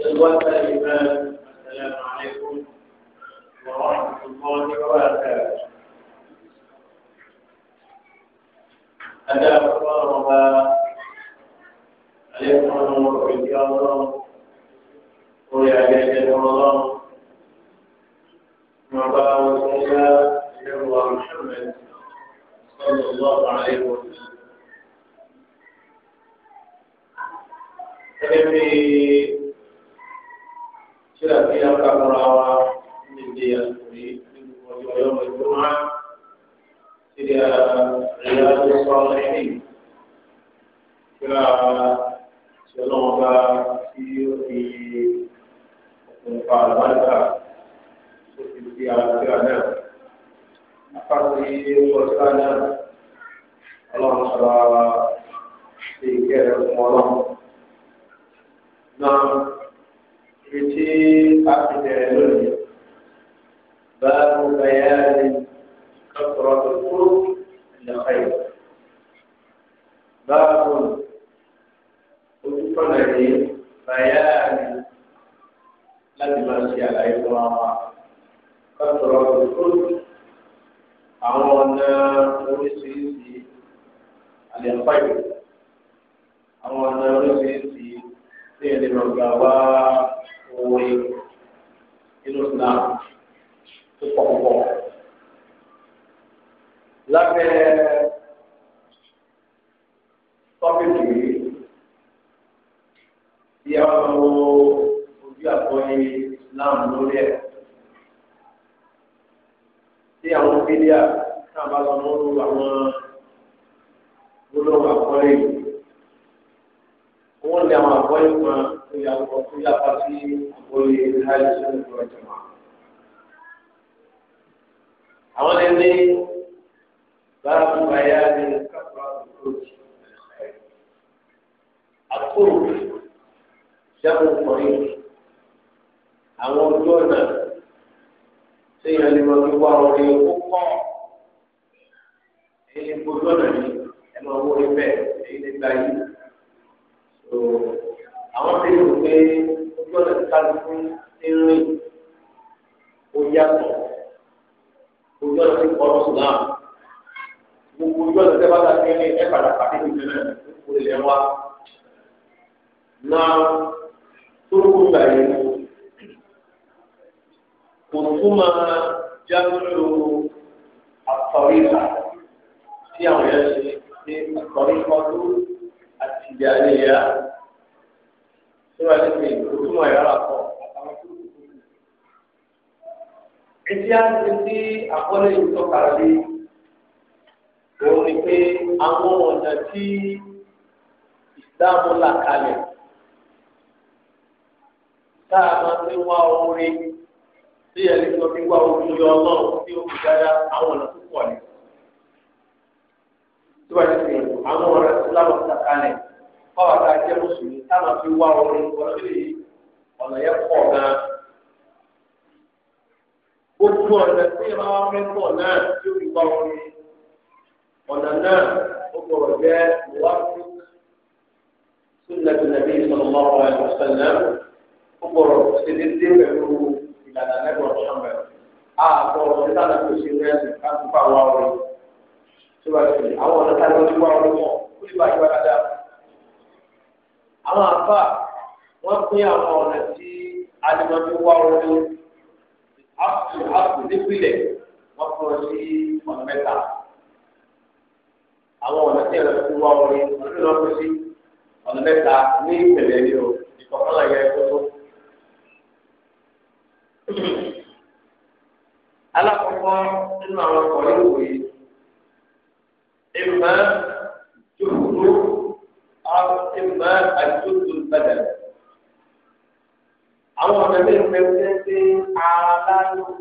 الوقت الإيمان السلام عليكم ورحمة الله وبركاته ẹni ọ̀gá wa òwe nínú islam tó pọ̀ púpọ̀. lábẹ́ tọ́pìkì yìí tí a máa wo ojú àkọ́yé islam lórí ẹ̀ tí àwọn mídíà náà bá lọ lóru àwọn gbólóhùn àkọ́yé wọ́n lé àwọn àkọ́yé kan ìyàwó tó yàtọ̀ sí oyè ìhàlẹ̀ sọ́nà ìjọ ìjọba. àwọn lè ní báàbù báyà ní kàkúrà òkúròjì àkúrò sẹ́kù kọ̀rin àwọn ojú ọ̀nà tí ìyàlẹ̀ wọn fi wá orin ó kọ́ èyí ni ojú ọ̀nà ni ẹ̀ máa wọlé bẹ́ẹ̀ èyí ni gbáyé àwọn tí yóò pé ojú ọ̀nà tí kálukú ti ń rìn ó yàtọ̀ ojú ọ̀nà tí kọ́ lọ́sùn náà gbogbo ojú ọ̀nà tí bàtà ti rìn ẹ̀ padà pàdé mi jẹ́nà kó lè lẹ́ wá. náà tórókù gbà yìí kò túmọ̀ jágbélò àtọ̀ríkà tí àwọn yẹn ṣe ní àtọ̀ríkọ́tù àtìjáde yá wọ́n ti fi ìtumọ̀ ẹ̀rọ àpọ̀ àtàwọn tó lé òun ni pé àwọn ọ̀nà tí ìsìláàmù là kalẹ̀ tá a máa fi wá orin tí ẹni tó fi wá orin lọ ọlọ́run tí ó fi dáadáa àwọn ọ̀nà tó pọ̀ ni. Tí wọ́n ti fi àwọn ọ̀nà ìsìláàmù là kalẹ̀ báwa ká jẹ́ mùsùlùmí táwọn fi wá orin ọ̀sẹ̀ ọ̀nà yẹn pọ̀ gan-an. gbogbo ọ̀nà tí ìhà wa fẹ́ pọ̀ náà tí ó fi wá orin ọ̀nà náà ó gbọ́dọ̀ jẹ́ ìwà fún sunnatulnabi sallallahu alaihi wasallam ó gbọ́dọ̀ ṣe déédéé pẹ̀lú ìlànà lẹ́gbọ̀n ṣọ́mẹ̀ àbọ̀ ọ̀sẹ̀ tánà kò ṣe rẹ̀ ká tó bá wá orin tí wàá ṣe àwọn ọ̀nà tánà àwọn àbá wọn pín àwọn ọ̀nà tí alimọ̀bí wá orí àpò àpò nípìnlẹ̀ wọn fún sí ọ̀nà mẹ́ta àwọn ọ̀nà tí ẹ̀rọ wá orí wọn ló lọ́ọ́ sí ọ̀nà mẹ́ta ní ìpìlẹ̀ ni o yẹ tó. nínú àwọn ọkọ̀ tó kúrò. أو إما الجد البدن àwọn ọ̀nà mi ń pèsè sí ara lánàá nínú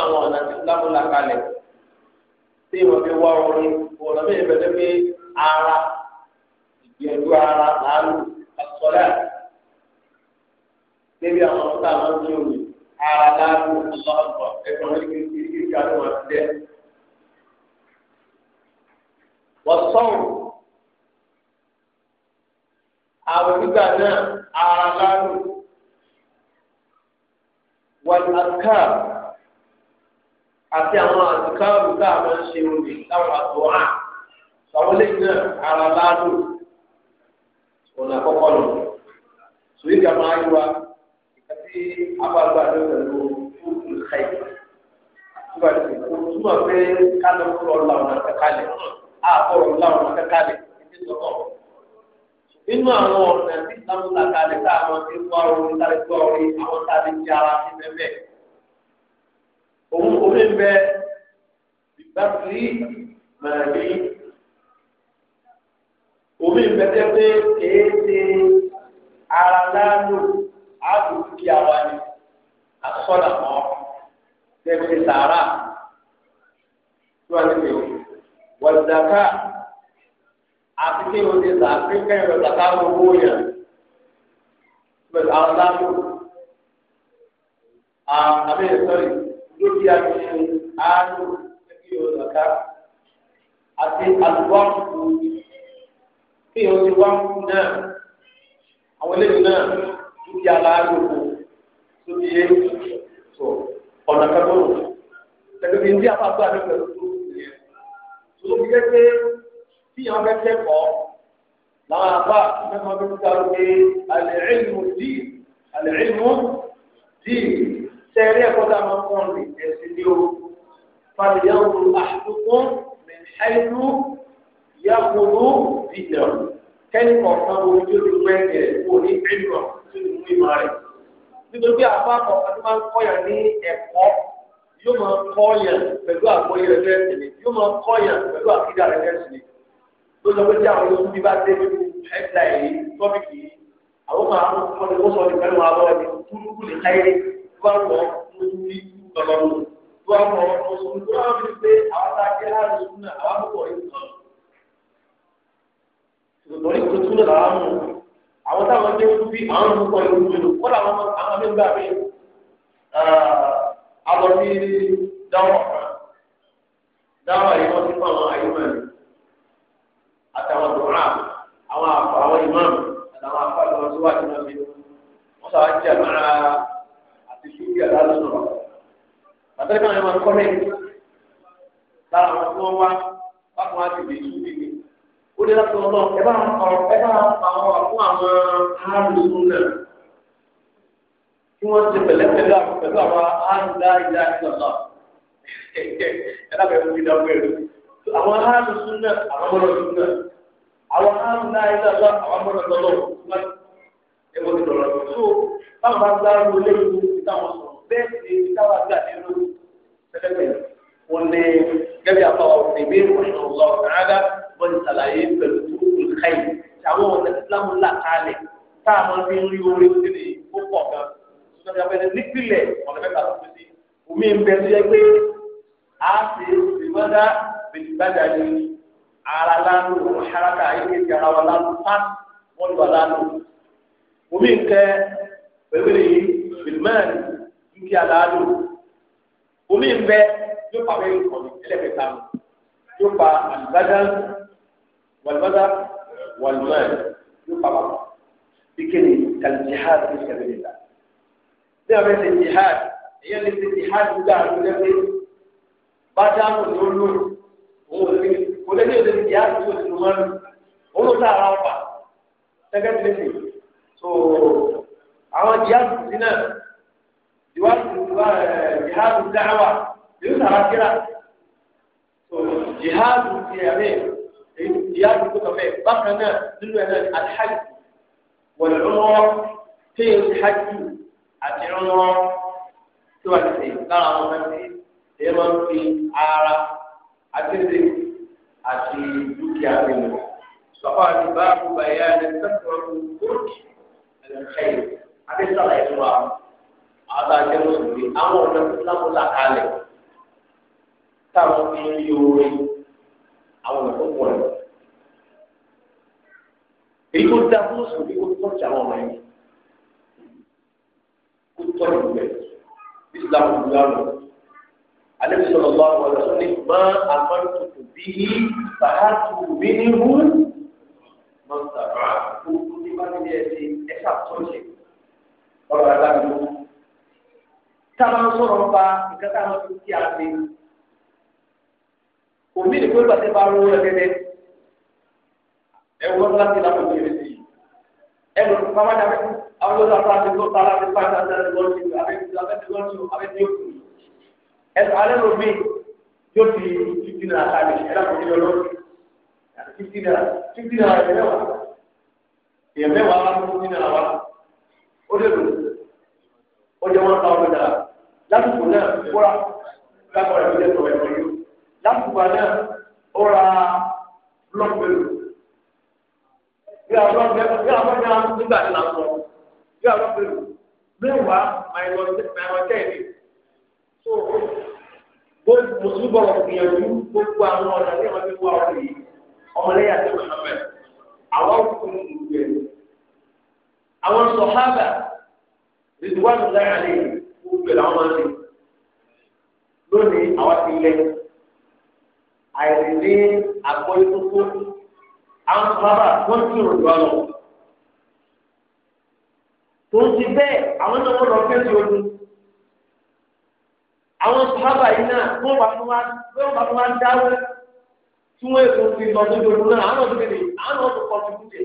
àwọn ọ̀nà tí lámúlá kalẹ̀ tí wọ́n fi wá orin ọ̀nà mi ń pèsè sí ara ìgbìyànjú ara lánàá àsọlẹ̀ débi àwọn ọ̀tá àwọn tí omi ara lánàá ọlọ́ọ̀gbọ̀n ẹ̀fọn àwọn gbígbà náà ara lánàá wọn àká àti àwọn àtìkáàrù tá a máa ń ṣe òní láwọn àtọ̀hà àwọn lẹ́yìn náà ara lánàá ọ̀nà àkọ́kọ́ lọ sòrí ìgbà máa yọ wa àti abàgbà ló pẹ̀lú fúrúkú káyì nígbà tí kò túmọ̀ pé kálọ̀ kúrò làwọn akẹ́kọ̀ọ́ lẹ̀ àbọ̀rọ̀ làwọn akẹ́kọ̀ọ́ lẹ̀ ní sọ́kọ̀ọ́ nínú àwọn ọ̀nà tí ìsìlámù kàkà lè ká àwọn tí ń wá orí sáré gbọ́ orí àwọn sáré ti ara sí mẹ́mẹ́. Òun omi ń bẹ ìgbà tí màrí omi ń bẹ tẹ́ pé èé ṣe ara láàlú àbùkù àwa ni àsọ̀dà mọ́ tẹ́ fi sàárà wọ́n ti lè wọ́n zaka àti kí o ti sà fi kẹ́rin lọ kàkà owó yẹn pẹ̀lú àwọn lábò àbẹ sọrí dúkìá mi àánú kí o lọ ká àti àlùbọ́ọ̀kù kí o ti wá kú náà àwọn eléyìí náà dúkìá láàárọ̀ kù tó ti yé tó ọ̀nà kẹ́kọ̀ọ́ tẹ̀lé bí ndí àpapọ̀ àdókòwò tó ti yẹ tó ti yẹ pé tí yàn fẹ́ kẹ́kọ̀ọ́ làwọn àbá mẹ́fà bí wọ́n sáré pé al-ilmu din al-ilmu din sẹ́ẹ̀rí ẹ̀kọ́ tá a máa fọ́n rè ẹ̀sìn ní o fàlìyàwó àdúgbòn mẹ́tẹ́lú yàgòrò bìyà kẹ́ni kọ̀ọ̀kan wo ojú ti pẹ́ ẹ̀ wò ní ẹ̀dùn tó ti mú ìmọ̀ rẹ̀ nítorí pé àbá kọ̀ọ̀kan tó máa ń kọ́yà ní ẹ̀kọ́ yóò máa kọ́yà pẹ̀lú àgbọ̀yẹ̀ rẹ̀ fẹ́ẹ́ sílẹ̀ yóò máa kọ́yà pẹ̀lú àkídà rẹ̀ fẹ́ẹ́ sílẹ̀ ló sọ pé tí àwọn oṣù bí bá dé nínú ẹgbẹ́ yìí tọ́pìkì yìí àwọn máa ń fọ́n ní wọ́n sọ ní pẹ̀lú àwọn ẹni kúlúkú lè káyé tó wà wọ́n tó ń bí tọ̀lọ́lù tó wà wọ́n tó sọ tó wà wọ́n pé àwọn tá a jẹ́ láàrin oṣù náà àwọn àbúkọ̀ yìí sọ. ìgbọ̀n yìí tó tún lọ làwọn mú àwọn táwọn dé oṣù bí àwọn àbúkọ̀ yìí ń gbèrò kọ́lá àwọn amẹ́gbà mi àbọ̀ sí dáwọ̀ kan dáwọ̀ yìí wọ́n ti fún àwọn àyè àtàwọn dùnrà àwọn àfọ àwọn ìmáàmù àtàwọn àfọ àti wọn tó wà nínú ọbẹ wọn sọ àti àmàrà àti ṣúbí àlálùsọ àtàlẹ́ kan àwọn ẹ̀kọ́ rẹ̀ lára àwọn tí wọ́n wá bákan wá ti lè ṣúbí ni ó dé láti ọlọ́ ẹ bá ń kọ ẹ bá ń pa àwọn àfún àwọn aráàlú náà tí wọ́n ti pẹ̀lẹ́pẹ̀lẹ́ pẹ̀lú àwọn aráàlú láì láì lọ́nà ẹ lábẹ́ fún mi dáwọ́ ẹ̀rọ àwọn aráàlú súnà àwọn ọmọdé súnà àwọn aráàlú náà yẹ lọ àwọn ọmọdé lọlọ wọn ẹ wọ́n ti lọ́rọ̀ tó báwọn bá gbá wọlé ìlú táwọn sọ bẹ́ẹ̀ sì ni táwọn àgbà nínú pẹlẹpẹ wọn ní gẹ́gẹ́ àpapọ̀ ìbí ìrìnàjò ọ̀gá ọ̀gá wọn ti sàlàyé pẹ̀lú nǹkan yìí àwọn ọ̀nà ìsìlámù là kalẹ̀ táwọn fi ń rí orí òsèlè ó pọ̀ gan nípìnlẹ̀ ọ̀nà mẹ́ta ló bìtìbàjà yìí ara lánàá òun haraka ayé ti ara wa lánàá pán wọn lù wá lánàá omi nkẹ pẹ̀lú bilman nkí aláàlú omi nbẹ yóò pa wẹ́n kọ́ni ẹlẹ́kẹta mi yóò pa alibada walibada walimán yóò pa wà ìkéde kalijihad ní sẹ́bẹ̀lì la jihad ìyẹn lè sẹ́ jihad gbogbo àwọn ọmọdé bá dáhùn òun ò lè kò lè ní òde ìyá àti òde ìlú mọ́rin òun ló sára ọ̀pá gẹ́gẹ́ bí lè so àwọn jihadu sí náà jihadu dáhàwà yóò sára kíra so jihadu ti ẹ̀mí jihadu tó kàn bákan náà nínú ẹ̀ náà alhaji wọ̀lẹ̀ lọ́wọ́ téèyàn ti hajj àti lọ́wọ́ tó wà ní sèé lára àwọn ọmọ ẹni tí èèyàn máa ń fi ara àtẹ̀tẹ̀ àti dúkìá nínú. Bàbá àti báàbù bàyá ni sẹ́kọ̀rọ̀ òkè ẹ̀lẹ́kẹ́yìn adésàlà ẹ̀tọ́ wa àbá jẹ́ mùsùlùmí àwọn ọ̀nà ìsìlámù là kalẹ̀ táwọn fi ń yọrí àwọn ọ̀nà tó pọ̀ rẹ̀. Èyí tó dá mùsùlùmí kó tó jà wọn rẹ̀ kó tọ́ ìlú rẹ̀ ìsìlámù ìlú àlọ́ alẹ́ sọ̀rọ̀ bá wà lọ́sọ̀ ní má àmọ́tòkò bí i bàhátù mi ní hún mọ́tàrà gbogbo ní bá nílé ẹ̀sìn ẹ̀ka tọ́jú ọ̀rọ̀ àdáyébó. táwọn máa ń sọ̀rọ̀ nípa nǹkan táwọn ti kí a ti òmí ni pé bàtẹ́ bá rówó lẹ́gẹ́dẹ́ ẹ̀wọ́n láti láti lè rí ẹnu pàmò àti àwọn ọlọ́dọ̀ àti àti tó tara àti pàtàkì àti àti wọ́n ti àbẹ̀tí àbẹ̀tí wọ́n ti àbẹ̀tí òkú ẹ̀sùn alẹ́ ló mi yóò fi fifty naira káàdì ẹ̀dàkùn ní olóòtú fifty naira fifty naira ẹ̀yẹ mẹ́wàá ẹ̀yẹ mẹ́wàá wá fifty naira wá ó lè lò ó jẹ́ one thousand naira lásìkò náà kóra lápò rẹ̀ lóde sọ̀rọ̀ ẹ̀fọ́ yìí lásìkò náà ó ra blọọkì mélòó bí a blọọkì mélòó bí a blọọkì mélòó nígbà tí a sọ bí a blọọkì mélòó mẹ́wàá minus ten minus ten mùsùlùmí bọ̀rọ̀ gbìyànjú gbogbo àwọn ọ̀nà tí wọ́n fi wá ọ̀rọ̀ yìí ọmọlẹ́yà tó wà lọ́mọ ẹ̀ àwọn òkùnkùn ní ìlú ẹ̀ àwọn sọ̀hábà rìdíwájú láyà lè gbogbo ẹ̀ làwọn máa ń lè lónìí àwọn ti lẹ àìsí àgbọ̀ ìkókó àwọn sọ̀hábà wọ́n ti rò lọ́wọ́ lọ. tó ń ti bẹ́ẹ̀ àwọn náà wọ́n lọ fẹ́ẹ́ àwọn sàhábà yìí náà tí wọ́n bá fún wa tí wọ́n bá fún wa dáwọ́ tí wọ́n èso ti lọ sí ìdòdó náà àwọn ọ̀dọ́ kejì àwọn ọ̀dọ́ kọ̀ ti kúndé.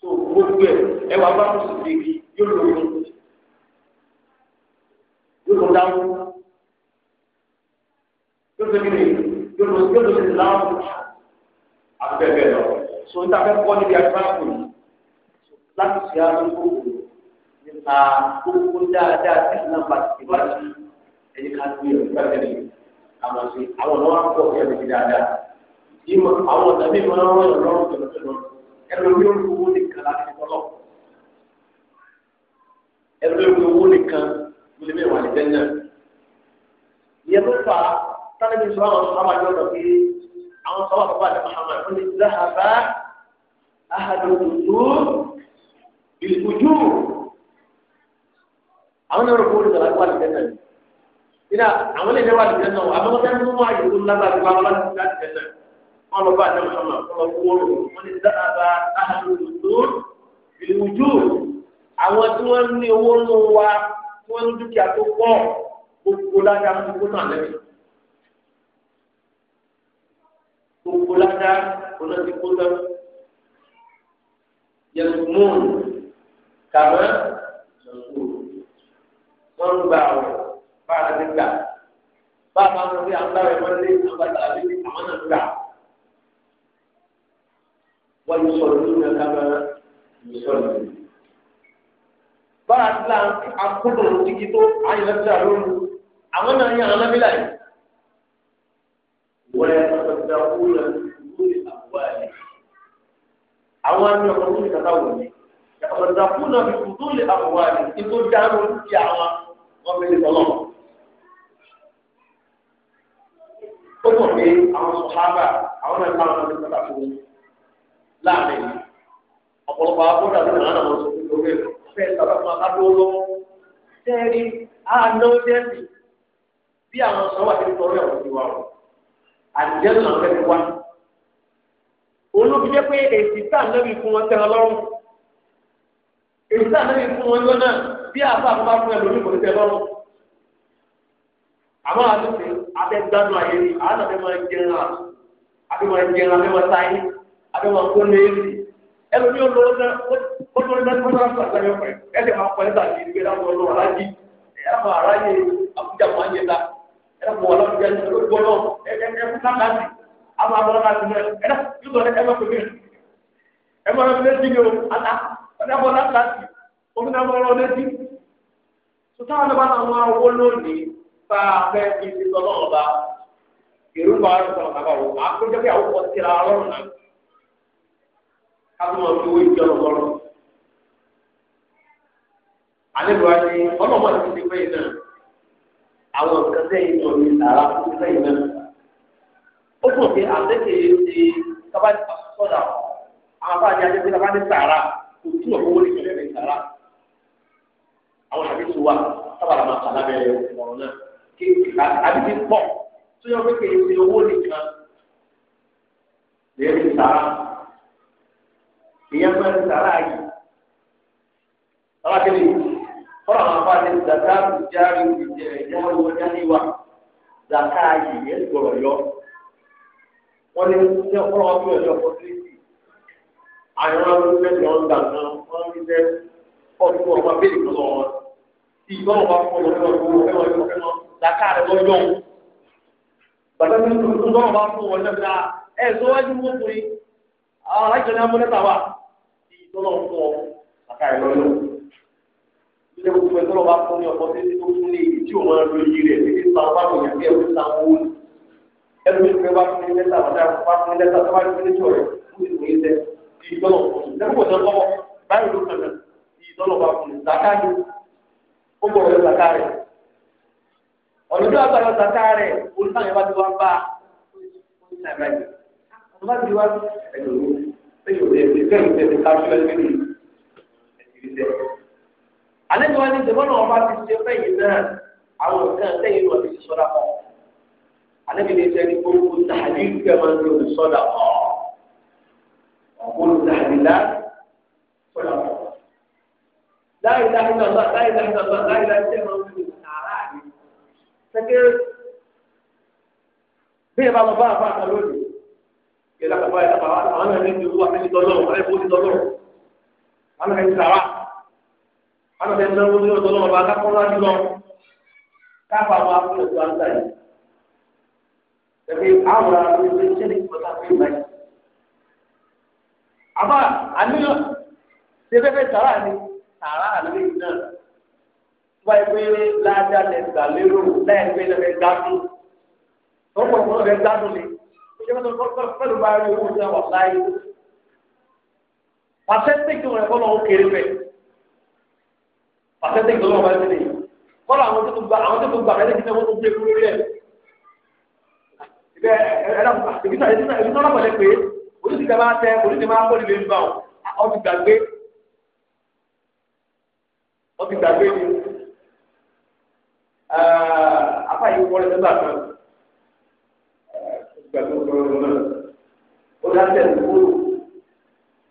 tó gbogbo ẹ ẹ wà bá kó sùn léegi yóò lò ó yóò lò dáwọ́ yóò lò kejì yóò lò yóò lò sí láwọn abẹ́bẹ́ lọ. sọ ní ta fẹ́ kọ́ níbi àgbákò yìí láti ṣe àdúgbò àkókò dáadáa tí ìlànà bá ti wá sí ẹni ká gbé ẹ̀rọ ìgbà tẹ̀lé àmọ̀ sí àwọn ọ̀nà wọn pọ̀ sí ẹ̀mí dáadáa ìmọ̀ àwọn ọ̀nà mi máa ń rán ìrọ̀rùn tọ̀nọ̀tọ̀nọ̀ ẹ̀rọ mi ò lu owó nìkan láti kọ́lọ̀ ẹ̀rọ mi ò lu owó nìkan mo lè mẹ́wàá lè dẹ́nà ìyẹn tó fà á tálẹ́bí sọ àwọn sọ́wọ́ àjọ lọ pé àwọn sọ́wọ́ àbúrò àti Muhammad ó ní zahaba ahadu ojú ìlú ojú àwọn náà rò pé olùdó láti wà lè tẹ́tẹ̀ ní. ìdá àwọn lè lẹ́wà lè tẹ́tẹ̀ náà àmọ́ wọ́n fẹ́ẹ́ mú àyè tó lágbàá ti wá wọn láti láti tẹ́tẹ̀. wọ́n lọ bá àdéhùn sọ́mà wọ́n lọ kó wọ́n rò wọ́n ní dáàbà àlùdó ìwùjú àwọn tí wọ́n ní owó ń wa tí wọ́n ní dúkìá tó pọ̀ gbogbo ládàá gbogbo náà lẹ́yìn. gbogbo ládàá ọ̀nà ti kó tán. yẹ̀sùn mú kàmá yẹ̀sùn wọ́n ń gba àwẹ̀ bá a ti gbà bá a bá ń rí àwọn àwẹ̀ wọ́n lé àgbàdo àbí àwọn náà gbà wọ́n yóò sọ̀rọ̀ nínú ẹ̀ka máa yóò sọ̀rọ̀ nínú. bá a ti la akúndùn dígí tó ayélujára lóru àwọn náà yẹ àwọn nábìlà yìí. wọ́n yẹ kó sọ̀tà kúrò lórí àbúrò ẹ̀. àwọn àmì ọ̀pọ̀ lórí kàtà wọ̀nyí. yàtọ̀ sọ̀tà kúrò lórí àbúrò ẹ̀ nítorí dáhùn sí àwọn. wọ́n fi lè tọ́lọ̀. ó mọ̀ pé àwọn sọ̀hábà àwọn náà táwọn náà ti fún un láàrin ọ̀pọ̀lọpọ̀ abúlé àti nàánà wọn sọ fún orí fẹ́ sábà fún akádúró lọ́wọ́ tẹ́rí bí àwọn sọ̀rọ̀ àti tọ́lọ̀ ẹ̀ wọ́n ti àjẹ́ náà fẹ́ ti bí àbá àbá fún ẹlòmíì kò ní tẹ lọ́rùn. àmọ́ àtúnṣe abẹ́gbánu ayé ni àánú abẹ́ máa jẹun à abẹ́ máa jẹun abẹ́ máa sáyé abẹ́ máa kó lé sí. ẹlòmíì ó náà ó lọ́wọ́ náà ó lọ́wọ́ náà máa pọ̀ nígbà tí aráyé máa ń sọtá wọn bá náà wọn wó lónìí bá a fẹ́ fi ti sọ lọ́wọ́ bá èrú bá a sọ̀rọ̀ bàbá wò á kó jẹ́ pé àwọn kò tira ọlọ́run náà ká tó máa fi owó ìjọ lọ́wọ́rọ́. àlejò wa ni ọlọ́mọ ti ti fẹ́yìn náà àwọn nǹkan sẹ́yìn náà ní sàrà fún sẹ́yìn náà. ó dùn pé àtẹ́kẹ̀ ti kábàdì sọ̀dà àwọn afáàjì ajẹ́pẹ́ kábàdì sàrà kò túnbọ̀ fowó ìjọba ìsàrà àwọn àbíkú wa sábàlá máa kà lábẹ́ ọ̀rọ̀ náà kí àbíkú pọ̀ tó yọ pé kì í ṣe owó nìkan lè rí sàrà ìyá máa ń sàrà yìí sábàkẹ́lẹ́ fọ́nà àwọn afáàlẹ́ zaka járe ìjẹ́ ìjẹ́wọ́n ìwọ́jà níwà zaka yìí yẹn gbọ́dọ̀ yọ wọ́n ní ṣé fọ́nà wọn bí ọjọ́ fọ́ sí àwọn ọmọ ìgbésẹ̀ ọ̀gá náà wọ́n ń gbé ọdún ọmọ bẹ́ẹ̀ lọ́wọ́ tí ìbọn wà fún ọlọ́dún ọ̀gbọ́n fẹ́ wọn fẹ́ wọn làkà rẹ̀ lọ yọ̀ wọn. bàtà tó ń tún bọ́n wà fún wọn lọ́dún náà ẹ̀ sọ wájú wọn kùn yín àwọn àìsàn ní amúnẹ́ta wà tí ìbọn wà fún ọ làkà rẹ̀ lọ yọ̀ wọn. ilé gbogbo ẹ̀ tọ́lọ̀ bá fún ní ọ̀pọ̀ títí tó fún ní ìdí tí òun máa ń lo iyì rẹ̀ títí sàn bá wọ̀nyà bí ẹ̀rù sàn wó ni. ẹnu ìfẹ́ bá fún ní lẹ́tà bá fún ní lẹ́tà tó bá fún ní ó gbọ́dọ̀ yọ zaka rẹ̀ ọ̀nà tó agbára zaka rẹ̀ olùfàyàn bá ti wá bá ọ̀nà bá ti wá ẹ̀yọ̀ ló ẹ̀yọ̀ ló ẹ̀yọ̀ ló ẹ̀yọ̀ ló ká sílẹ̀ lórí ẹ̀yọ̀ ló alẹ́ wọn ni ìjọba náà wọn bá ti ṣe fẹ́yìn náà àwọn nǹkan sẹ́yìn náà ti sọ́dà kọ́ alẹ́ mi ní sẹ́ni gbogbo tàbí kẹ́ máa ń lò sọ́dà kọ́ ọ̀pọ̀ olùdarí lá sọ́dà kọ́ láì dáhùn náà láì dáhùn náà láì dáhùn náà máa ń fi sàárà rẹ̀. Sẹ́kẹ́ bí ẹ bá lọ bá àbá àtà lónìí, yẹ lápapọ̀ ẹ̀ lápapọ̀ àwọn náà ní ìlú àti ní tọ́lọ́ àwọn ẹ̀fọ́ ní tọ́lọ́ àwọn ẹ̀fọ́ ní sàárà àwọn ẹ̀fọ́ ní náwó ní ọ̀tọ́lọ́ ọba akápọ́lá jùlọ káfà àwọn afúnlẹ̀ tó ń sáyé. Ẹ̀fẹ́ àwọn ará mi ṣe ní ìpọ́tà fún ìgbà yìí. Àbá àníyàn ṣe fẹ́fẹ́ sàárà ni sàrà àlè náà wáyé pé ládàá lè gbà lérò láyé pé lè fẹ́ gbádùn tó pọ̀ fún ọ̀rẹ́ gbádùn ni ìjọba tó kọ́ pẹ̀lú bá rí owó ní àwọn láyé pàṣẹ́tìkì rẹ̀ kọ́ lọ́wọ́ kéré bẹ̀ pàṣẹ́tìkì lọ́wọ́ bá ti nìyí kọ́lá àwọn tó gba àwọn tó gba àgbẹ̀dẹ́ kìtà wọ́n tó gbé kúrú rẹ̀. Ibẹ̀ ẹ̀rọ ìbísà ìbísà ìbísà ọlọ́pàá lẹ pé olùsìkà máa tẹ olùsìkà máa kọ́ nílé nígbà ọ̀ ti gbàgbé wọ́n ti gbàgbé ni afa yìí wọlé nígbà kan gbàgbé ọ̀rọ̀ náà ó dá tẹ̀lé kúrò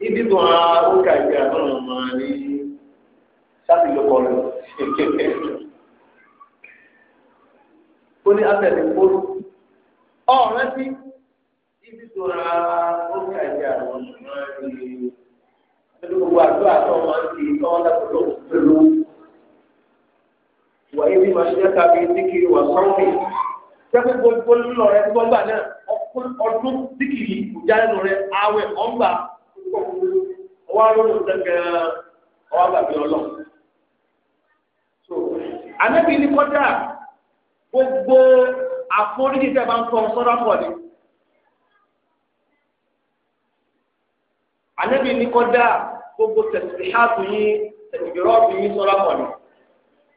ibi tó a ó kà ìgbà náà máa ní sábì ló kọ́ lọ ó ní atẹ̀lé kúrò ọ̀rẹ́ sí ibi tó a ó kà ìgbà náà máa ní ẹni gbogbo àdúrà tó máa ń di tọ́wọ́ dàgbò lọ́wọ́ sirru wàyí bí màá ṣe kábi síkiri wà sọ́ọ̀nì sẹ́kì gbogbo ńlọ rẹ tí wọ́n gbà náà ọdún síkiri ìjà ẹnu rẹ awẹ ọgbà ọwọ́ arúgbó sẹ́kẹ̀ ọwọ́ àgbàbí ọlọ́ anabi ni kọjá gbogbo àforíjì tẹ bá ń kọ sọdọ pọ ni anabi ni kọjá gbogbo tẹsíhàtù yìí ìjọba ọ̀sìn mi sọ́ra pọ̀ ní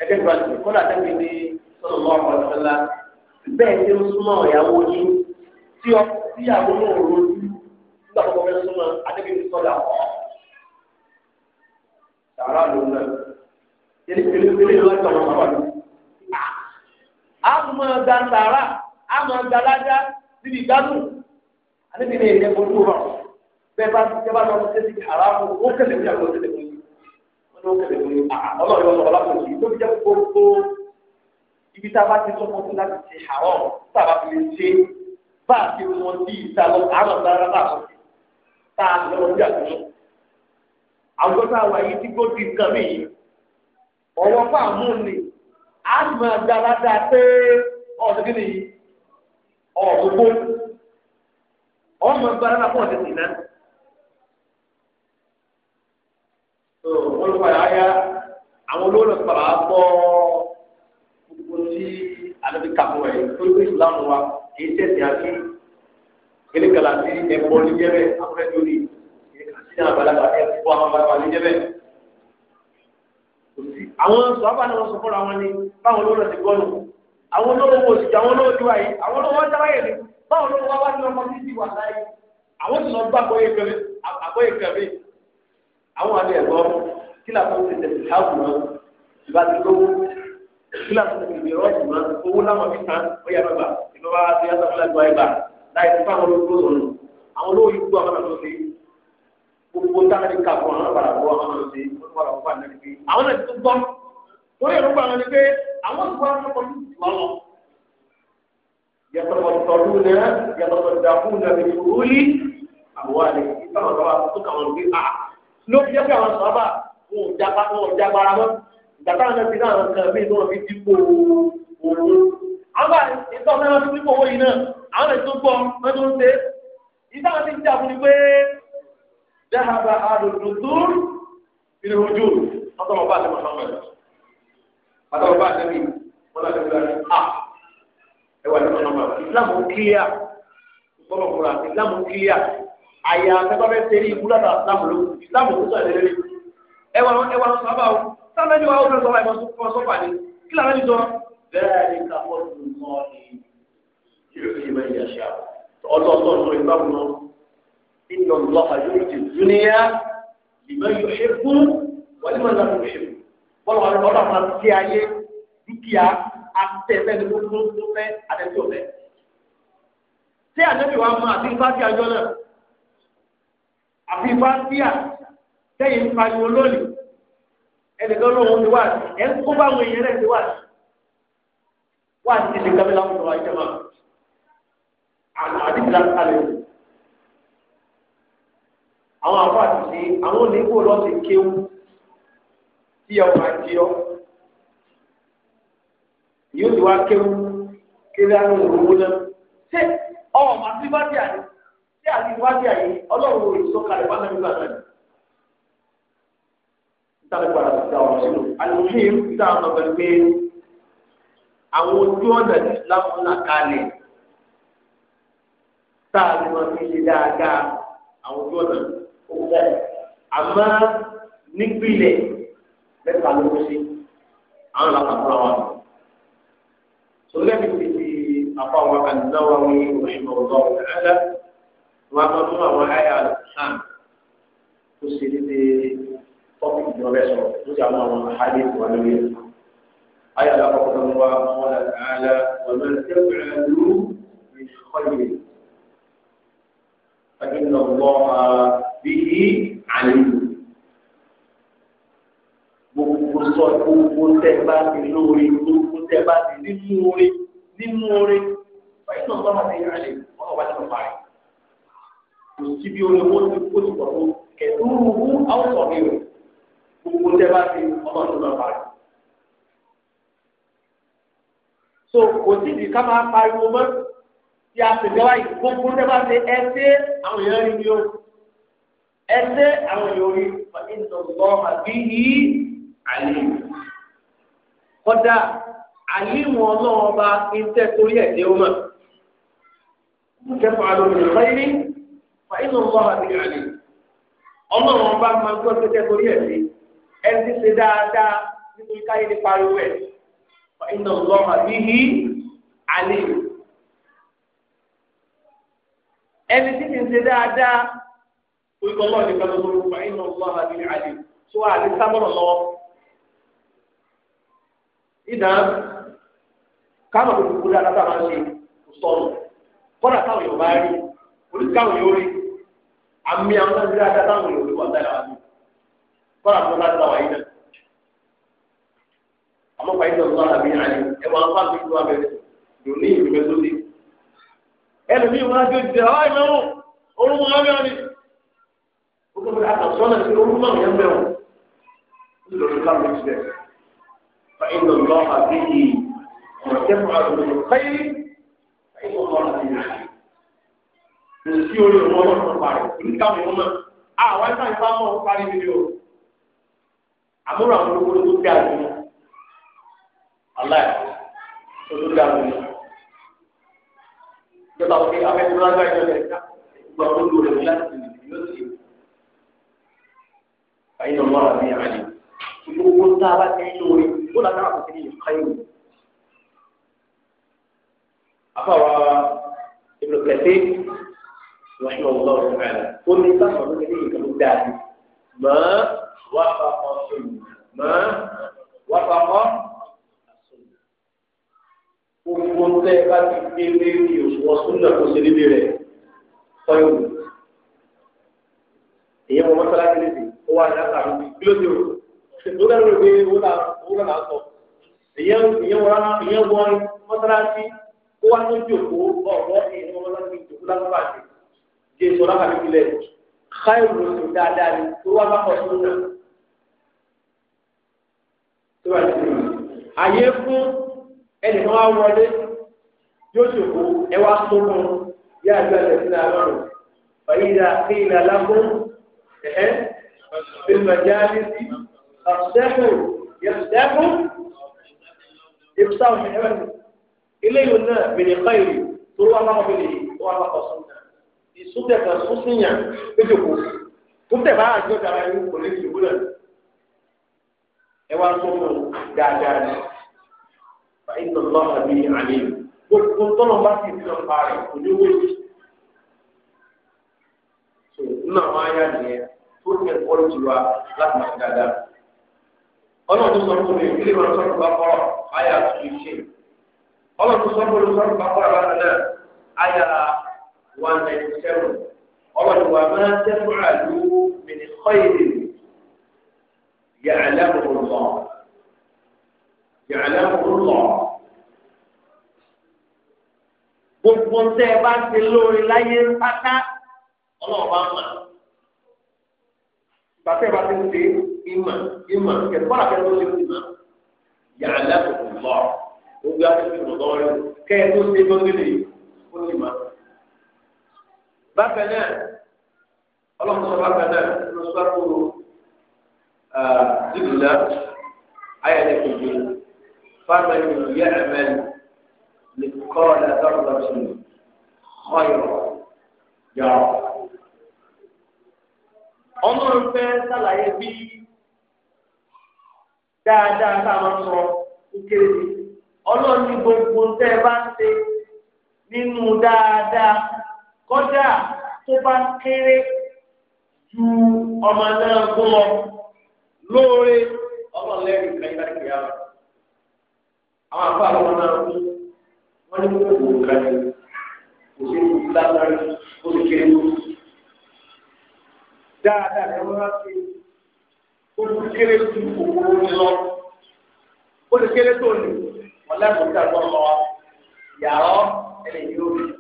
ẹgbẹ́ ìgbà tó kọ́lá tẹ́lẹ̀ ní sọ́nà mọ́ ọ̀pọ̀ ìṣẹ́lá bẹ́ẹ̀ tí ó súnmọ́ ìyàwó yín tí ọ tí ìyàwó náà rojú nígbà tó kọ́kẹ́ súnmọ́ adébí ní sọ́dà ọ̀ sàrà ló ń lọ yẹlẹ pẹ̀lú pẹ̀lú ìlú ọjọ́ ọmọ ọmọ rẹ àmọ́ ọgbà sàrà àmọ́ ọgbà lájá síbi ìgbádùn adébí ní ìlẹ̀ fojú rọ bẹ́ẹ̀ bá bá lọ sí ti àrà fún ó kẹlẹ̀ bí àwọn òṣèlú ló kẹlẹ̀ pé ọlọ́run yóò sọ̀rọ̀ láti òkè lóbi jẹ́ gbogbo ibi tá a bá ti tọ́kọ sí láti ṣe àwọn tá a bá fi lè ṣe bá a ti wọn sí ìta lọ àárọ̀ sára bá a sọ sí tá a lọ́wọ́ sí àtúnṣe. àwùjọ tá a di nǹkan fún àmú ni a sì máa gba aládàá pé ọ̀sẹ̀ kí ni ọ̀gbogbo ọmọ gba aládàá fún ọ̀sẹ̀ sì náà. tó wọn ló padà yá àwọn olówó lọ padà gbọ́ gbogbo tí alẹ́ fi kà fún ẹ̀ tó ní Islam wa kì í tẹ̀sí àti kele kala ti ẹ̀kọ́ ní jẹ́bẹ̀ afẹ́ lórí kí náà balaba ẹ̀kọ́ àwọn balaba ní jẹ́bẹ̀. àwọn sọ́ọ́bà náà wọ́n sọ fọ́ra wọn ni báwọn olówó lọ ti gbọ́ nù àwọn olówó wo sì àwọn olówó ti wáyé àwọn olówó wá jáwáyé ni báwọn olówó wá wá àwọn àbí ẹ̀gbọ́ kí làwọn ti tẹ̀sí káàbù mọ́ ìbá ti gbówó kí làwọn ti tẹ̀sí rọ́ọ̀tì mọ́ owó láwọn fi tán ó yà bàbà ìbáwá ti yá sáfúlà gba ẹgbà láì fún àwọn olóògbé òun àwọn olóògbé ikú àwọn àti òsè gbogbo táwọn ti kà fún àwọn àbàrà wọ àwọn àti òsè wọn wà fún àná àwọn náà ti tó gbọ́ torí ẹ̀rọ gbà wọn ni pé àwọn ti wá lọ́kọ̀ọ́ yàtọ̀tọ̀lú náà yàtọ̀tọ̀dàkú náà fi wúlí àwọn àlè ìtàn ọ̀rọ̀ àtúntò kàwọn gbé a ló fi jẹ́ pé àwọn sọ́ọ́bà wọn ò jápa wọn ò jágbára mọ́ ìgbà táwọn náà kan mí lọ́wọ́ fi ti kó owó. àwọn ìtọ́ ti ní owó yìí náà àwọn ètò gbọ́ wọn tó ń ṣe ìtọ́ fún pé dáhàbà ojú bá ẹ̀ bá wọn láti à ah, ẹwà àyà àtẹ́gbàfẹ́ ṣe rí ikú látà láàmú ló láàmú ló sọ̀rọ̀ lélẹ́rẹ́ ẹwà ẹwà sábà o sábà ní wàá ọdún sọ́wọ́ àìmọ́ sọ́wọ́ sọ́fà ni kí làwọn ẹni sọ bẹ́ẹ̀ ni káfọ́ ló mọ́ ni yóò fi ìmọ̀ ìyá ṣá ọlọ́ọ̀tọ̀ ló ń bá wọn nínú ọlọ́pàá yóò ti dúníyà ìmọ̀ yóò ṣe fún wàlúmọ̀ náà yóò ṣe fún bọ́lá ọlọ́pàá àfi fáńtíà sẹ́yìn pariwo lónìí ẹnìkan lóhun ti wá ẹ̀ ń kó báwọn èèyàn rẹ̀ ti wá wá ti di kábílà fún wa jẹ́ máa àná àdìsí láti kálẹ̀ o. àwọn àfọ àtìsí àwọn onígbò lọ́sẹ̀ kéwù tí ẹ̀ wá jí ọ yóò ti wá kéwù kéwù àwọn òwúrọ̀ náà ṣé ọ̀ màá fi bá ti àdìsí tí àti ìwádìí àyè ọlọ́run ò ìsọkalẹ̀ wá lẹ́nu gbàgbà ni. Ìtàlẹ̀ padà sí àwọn ọ̀ṣun. Àlùfíìm tá a sọ pẹ̀lú pé àwọn ojú ọ̀nà tí Islam ń là kalẹ̀ tá a lè máa fi ṣe dáadáa àwọn ojú ọ̀nà ó pọ̀. Àmọ́ nípìnlẹ̀ mẹ́ta ló ṣe àwọn làkàtúrà wa. Sọlẹ́ni ti di àpá wa kan náwó àwọn ìwé ìmọ̀ ọ̀dọ́ ọ̀dọ́ wọn máa mú àwọn àyà hàn tó ṣe dédé tọ́pì ìjọba sọ tó ṣe àwọn àwọn àhádé wà lórí ẹ̀. àyà lápapọ̀ náà wà wọn là tààlà wọn máa tẹ́wọ̀n lù mí kọ́lé. فإن الله به عليم gbogbo sọ gbogbo tẹ bá ti lóore gbogbo tẹ bá ti nínú oore nínú oore fàyínà bá wà ní ìyá rẹ òsì bí ó lè wọ́n ti kó ti pọ̀tó kẹ̀túrú fún àwùjọ mi rẹ̀ gbogbo tẹ́ bá ti ọmọ tó máa parí. so kò sí ìdí ká máa pariwo mọ́ tí a sì gbọ́ báyìí gbogbo tẹ́ bá ti ẹ ṣe àwọn èèyàn rí ni ó ẹ ṣe àwọn èèyàn rí pàdé ìdọ̀gbọ́ àbí yìí àlè kọ́dà àlímọ̀ ọlọ́wọ́ bá ń tẹ́ torí ẹ̀ dé ọmọ. Kẹ́fọ́ àlọ́ ìrìn fàyínà ọlọ́run àti àlè ọlọ́run ọba máa ń gbọ́ tẹ́tẹ́ torí ẹ̀ sí ẹni tí ṣe dáadáa nítorí káyé ní pariwo ẹ̀ fàyínà ọlọ́run àti hí àlè ẹni tí ti ṣe dáadáa orí àti tó ìdá tó kúkú dáadáa máa ń ṣe sọ̀rọ̀ kọ́dà táwọn rí yóò rí. àmì àwọn tó ń olùkọ́ ọ̀tá ìlànà kọ́ra tó bá ti wà náà àmọ́ pàyí tó ń lọ́ra bí àlè ẹ wọ́n tó lò ní wọn wọn ni tó fi àtàkùn náà sí orúkọ àwọn yẹn bẹ́ẹ̀ wọ́n lórí káwọn ti bẹ̀ fàyí tó ń lọ́ra bí kò sí orí òun ọlọ́run tó parí oníkàwọn ọmọ àwọn ẹ̀ka ìfá mọ̀ ó parí níbi o àmúrò àwọn olówó tó dé àgbẹ̀ mọ́ aláì tó tó dé àgbẹ̀ mọ́ ìjọba òkè abẹ́túrú lágbàá ìjọba ẹ̀ka ìgbà tó lò rẹ̀ láti yóò sì ayé lọ́mọ àbí àlè gbogbo tá a bá ti ń lóore ó lànà àkókò ní ìkáyọ̀ afọwọ́ ibùdókẹ́tẹ́. رحمه الله تعالى قل لي صح من لي كمداد ما وفق السنة ما وفق السنة وكنت قد في فيديوز وسنة وسليبيرة طيب ìyẹn mo mọ́tò láti lédè ó wà ní àtàrà mi kí ló dé o ó dàrú rẹ̀ pé ó dà ó dà sọ ìyẹn ìyẹn wọ́n ìyẹn wọ́n mọ́tò láti ó wà ní ojú òkú ọ̀rọ̀ ìyẹn wọ́n láti ojú òkú láti bàjẹ́ kí èso ọlá kàbí kílẹ̀ káyọ̀ ló dáadáa ni tó wá bá pọ̀ sí ọ̀nà tó wà ní ìlú. àyè fún ẹnì kan wá wọlé yóò ṣòfò ẹ wá sókun yá àjọ ẹ̀sẹ̀ sílẹ̀ àlọ́run fàyídà kéèlà lágún ẹ̀hẹ́ bímọ̀já ní sí ọ̀sẹ́kùn yẹ̀sẹ̀kùn ìfúsáwọ̀ ẹ̀rọ ilé yòó náà mìíràn káyọ̀ tó wá bá pọ̀ sí ọ̀nà. ìsúntẹ̀ kan sún síyàn lójòkó tó bá àjọ dára yín kò lè dìbò náà ẹ wá tó mú dáadáa ní fàyín tó lọ́ àbí àlè gbogbo tọ́nà bá ti fi lọ́ọ́ parí kò ní wé tó nínú àwọn ayá nìyẹn tó tẹ̀ kọ́lù jù wá láti máa dáadáa ọlọ́run tó sọ fún mi kí lè máa sọ̀rọ̀ bá kọ́ ayé àtúnṣe one ninety seven ọlọ́ni wa máa tẹ́fọ́ àlú mìíní kọ́ìlì yàrá lọ́wọ́ yàrá lọ́wọ́ gbogbo ntẹ bá ti lórí láyé pátá ọlọ́wọ́ bá mà bàtẹ́ bá ti ń ṣe ìmọ̀ ìmọ̀ kẹ̀kọ́ àkẹ́kọ̀ọ́ ṣe ìmọ̀ yàrá lọ́wọ́ gbogbo akẹ́kọ̀ọ́ lọ́wọ́ kẹ́ẹ̀kọ́ ṣe gbọ́ngẹ́lẹ́ ó ní bákan náà ọlọ́run sọ bákan náà ló sọ kó dìbìlá ayẹyẹ kejì fáwọn ènìyàn yẹ ẹmẹlì lè kọ́ ọ̀dà dọ́rọ̀dọ̀ sí i ọ̀yọ̀ yọ̀ ọlọ́run fẹ́ sàlàyé bí dáadáa táwọn sọ kékeré ọlọ́run ní gbogbo tẹ́ ẹ bá ń ṣe nínú dáadáa kọjá tó bá kéré ju ọmọ náà gún lọ lóore ọlọ́lẹ́rìí kan yíra kìí àwọn. àwọn àpá àwọn náà kú wọ́n ní kókò wò ká ní kò sí ní lágbára ó sì kéré tó. dáadáa ni wọ́n á fi ó ti kéré ju òkúrú ní lọ ó ti kéré tó ní wọ́n lẹ́kọ̀ọ́ sí àgbọ̀n lọ yàrá ẹni yóò rí.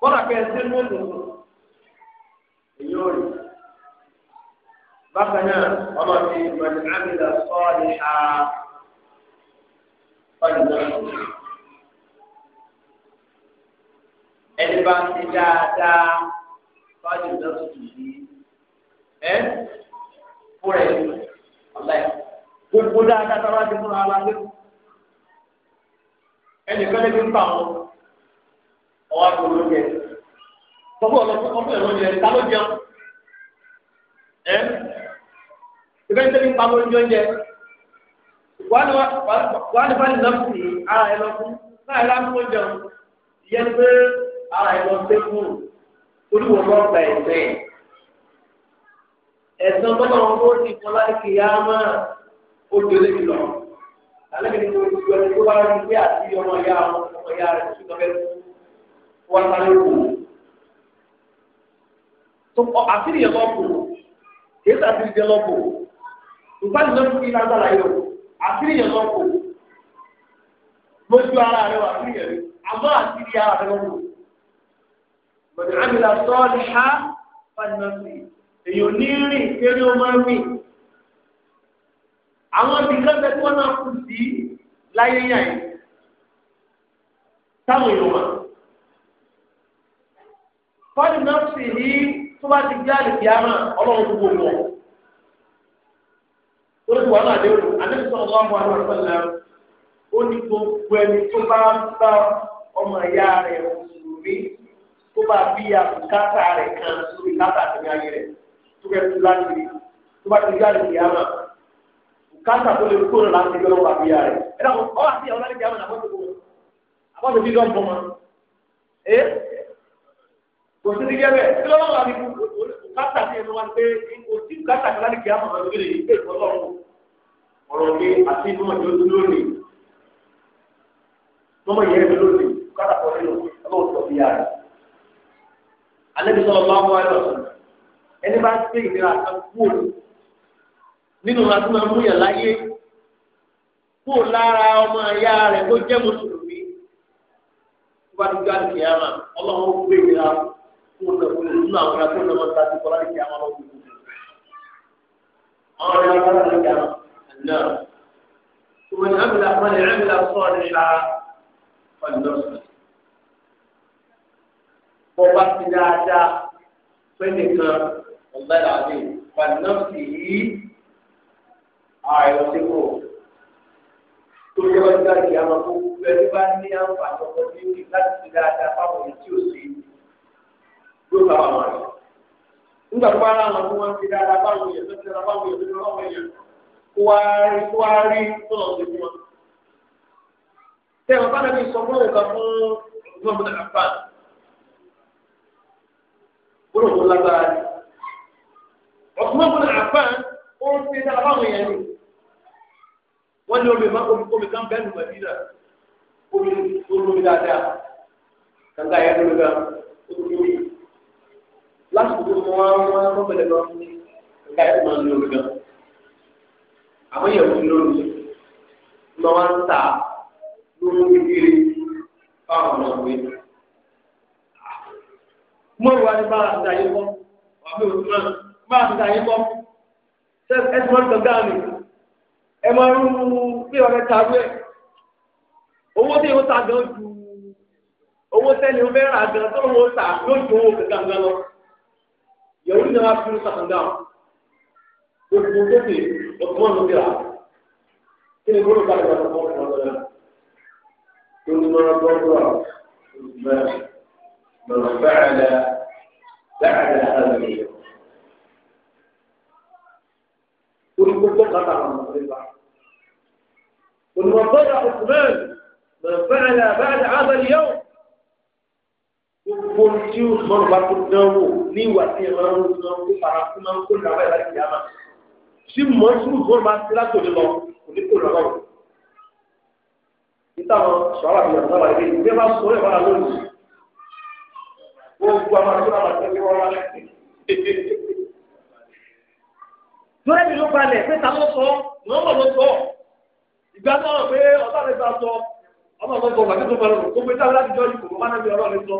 kọ́nà pé ẹsẹ̀ ló lò ó èyí ò rí bákan náà ọmọ mi mọ̀lẹ́ àmìlẹ̀ sọ́ọ̀lì ha ọ̀dùn náà ẹni bá ń ṣe dáadáa sọ́ọ̀lì náà tuntun yìí ẹ fúnra ẹ̀ ọ̀la ẹ̀ gbogbo dáadáa tó bá ti fúnra wa lé ẹnì lè fi ń pa wọn. ọwọ́ àti olóúnjẹ tọ́kọ̀ lọ fún ọdún ẹ̀rọ yẹn ta ló jẹun ẹ́ ìfẹ́ntẹ́ nípa ló ń jọ oúnjẹ wàá nípa nìlọ sí ara ẹ lọ fún náà ẹ lọ fún oúnjẹ ìyẹn pé ara ẹ lọ sí fún olúwo lọ gba ẹsẹ ẹsẹ tọ́lá wọn kó ti fún láti kì í á máa ó délé jùlọ alẹ́ mi ni mo ti yọ ẹni tó bá rí pé àti ọmọ ìyá ọmọ ìyá rẹ̀ ti lọ bẹ́ẹ̀ fún wọ́n sáré kù tó ọ àtìrì yẹn lọ́kù kìí sàtìrì yẹn lọ́kù ìgbà tí lọ́kù kí lágbára yẹ o àtìrì yẹn lọ́kù lójú ara rẹ wà àtìrì yẹn àmọ́ àtìrì ara rẹ lọ́kù bẹ̀rẹ̀ àmìlà sọ́ọ̀lì ha fàdínàfì èyí ò ní rìn kéré ó máa ń rìn àwọn ibìkan bẹ tí wọ́n náà kù sí láyé yàn yìí táwọn èèyàn wà fọ́ọ̀lì náà sì rí tó bá ti gbé àlè kíámà ọlọ́run tó gbogbo ọ̀. olùkọ́ àwọn àdéhùn àdéhùn ọlọ́run àwọn àlọ́sọ̀lá ó ní gbogbo ẹni tó bá ń bá ọmọ ìyá rẹ̀ mùsùlùmí tó bá bí àbùkátà rẹ̀ kan lórí látà àtẹ̀yà rẹ̀ tó bẹ̀ tó láti rí tó bá ti gbé àlè kíámà bùkátà tó lè kó lọ láti gbé ọmọ àbíyá rẹ̀ ẹ̀ dàgbọ́ ọ kò sí ti jẹ́ bẹ́ẹ̀ kí lọ́wọ́ wà ní bùkátà ní ẹnu wa ni pé kò sí bùkátà kan láti kí á mọ̀ ọ́n lórí ìgbé ìfọlọ́run ọ̀rọ̀ mi àti ìdúmọ̀ tó dúró lónìí tọ́mọ yẹn mi lónìí bùkátà kan nínú ọlọ́run tó fi yá rẹ̀. alẹ́bí sọ̀rọ̀ máa ń wá lọ ẹni bá ń gbé ìlera kan kúrò nínú adúmọ̀ múyàn láyé kúrò lára ọmọ ìyá rẹ̀ tó jẹ́ mùsùlùmí wọ́n ti nínú àwọn ẹgbẹ́ lọ́wọ́ ta ti kọ́ láti kí a máa lọ́wọ́ tuntun. àwọn ọ̀rẹ́ wọn láti kí a náà. ومن عمل من عمل صالحا فلنفسه bọ́ba ti dáadáa fẹ́nìkan ọ̀gbẹ́dà ni fàlínàfì yìí ààrẹ ti kọ̀. tó jẹ́ wájú láti yàrá fún gbogbo ẹni bá ní àǹfààní ọkọ̀ ní ìlú láti ti dáadáa fáwọn èyí tí ò sí. ló bá wọn rẹ̀. nígbà tó bá ara wọn tí wọ́n ti dáadáa báwọn èèyàn tó ti dáadáa báwọn èèyàn tó ti dáadáa báwọn èèyàn kó wá rí kó wá rí tó lọ sí wọn. tẹ́wọ̀n bá dàbí sọ fún òǹkà fún ìgbọ́n mi náà fà. gbọ́dọ̀ tó lágbára ni. ọ̀sùnmọ́ mi náà fà ó ti dáadáa báwọn èèyàn ni. wọ́n ní olùmọ̀ omi kan bẹ́ẹ̀ lù mọ̀ nílẹ̀ dáadáa kàńtà yẹn lórí gan lásìkò tó mọ wọn wọn tó bẹ̀rẹ̀ lọ sí ẹ̀ka ẹ̀kọ́ máa ń lo gan àwọn èèyàn fún lónìí máa wá ń ta lóhun kékeré fáwọn ọmọ ìwé mo wà ní bá àti àyè kọ́ wà mí òtún náà bá àti àyè kọ́ ẹ ti máa ń tàn gáàmì ẹ máa ń pè ọ̀rẹ́ ta rú ẹ̀ owó tí yóò ta gan ju owó tẹ́lẹ̀ ó fẹ́ rà gan tó ń wọ́n ta yóò ju owó kankan lọ. يوري نهار في الصحراء وتبوتي وكمان مديرا كده كله قال لك هو ما ده كل ما ضرر ما ما فعل بعد هذا اليوم كل كنت قطعا مريضا كل ما ضرر عثمان ما فعل بعد هذا اليوم كل كنت يوصل بطل نومه ní ìwà tí ẹ máa ń lọ kó fara kó máa ń kó lọ́wọ́ ẹ̀ láti yàrá tí mọ̀ sùúrù tó máa ti látò ní lọ kò ní kó lọ́wọ́ rẹ̀. níta wọn sọ̀rọ̀ àbí ọ̀sán wàlẹ́ bíi bí ẹ bá sọ ẹ̀ bára lónìí wọ́n gbọ́ àwọn àti ọ̀nà àti ẹgbẹ́ wọn wá. lórí mi ló balẹ̀ pé ta ló sọ mọ̀ọ́mọ̀ ló sọ ìgbà náà pé ọ̀sán rẹ̀ bá sọ ọmọ ọ̀sán sọ